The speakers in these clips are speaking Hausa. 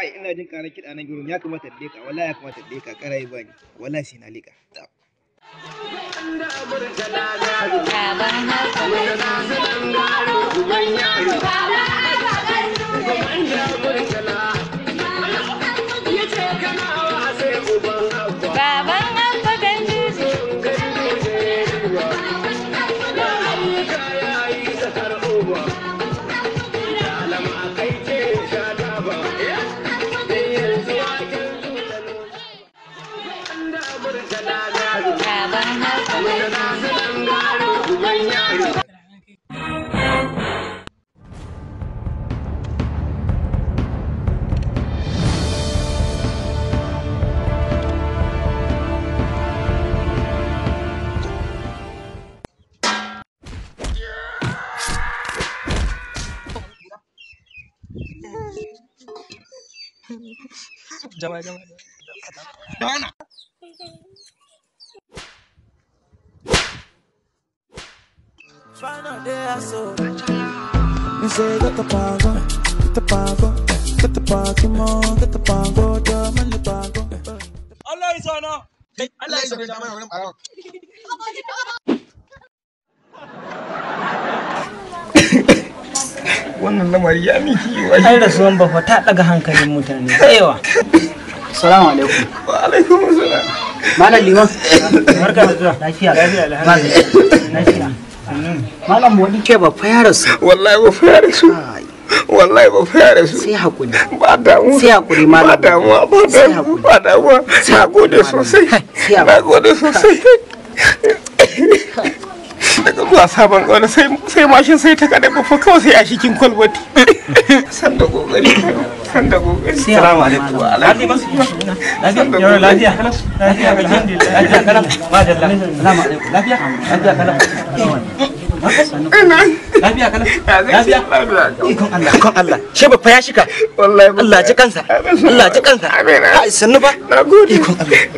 kai ina jin kana kiɗa na gurin ya kamata da leka wala ya kamata da leka karai bani ni wala sai na leka Jawa Jawa. Mana? Allah sana. Allah sana. wannan lamari ya miki yi Ai rasuwan ta daga hankalin mutane tsayawa. Assalamu alaikum. Wa alaikum assalam. Malam Liman. Barka da zuwa. Lafiya. Lafiya. Lafiya. Malam wani ke ba Wallahi ba wallahi ba da su sai hakuri ba damu sai hakuri malam ba damu ba damu ba damu sosai sosai zuwa sabon kwana sai mashin sai ta kada ba kawai sai a cikin kwalbati san da san da alaikum wa alaikum lafiya lafiya lafiya lafiya lafiya lafiya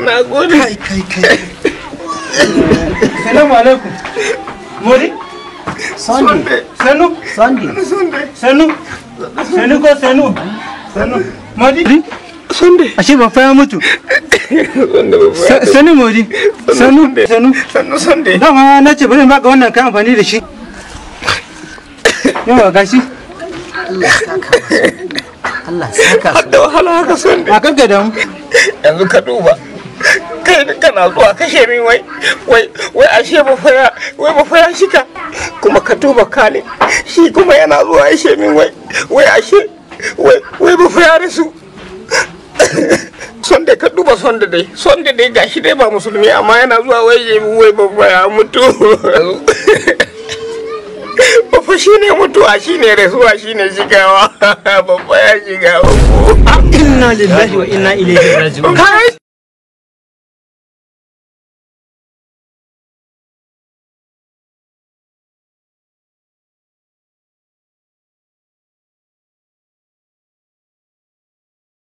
lafiya lafiya salamu alaikum Muri? Sunday. Senu? Sunday. Senu? Senu ko Senu? Senu. Muri? Sunday. Ashe ba fa mutu. Senu Muri. Senu. Senu. Senu Sunday. na bari wannan kan amfani da shi. duba. kai kana zuwa kashe min wai wai wai ashe ba fara wai ba fara shika kuma ka duba kale shi kuma yana zuwa ashe min wai wai ashe wai wai ba fara su son ka duba dai son dai gashi dai ba musulmi amma yana zuwa wai ya wai ba fara mutu babba shi ne mutuwa shi ne rasuwa shi ne shigawa babba ya shiga inna lillahi wa inna ilaihi raji'un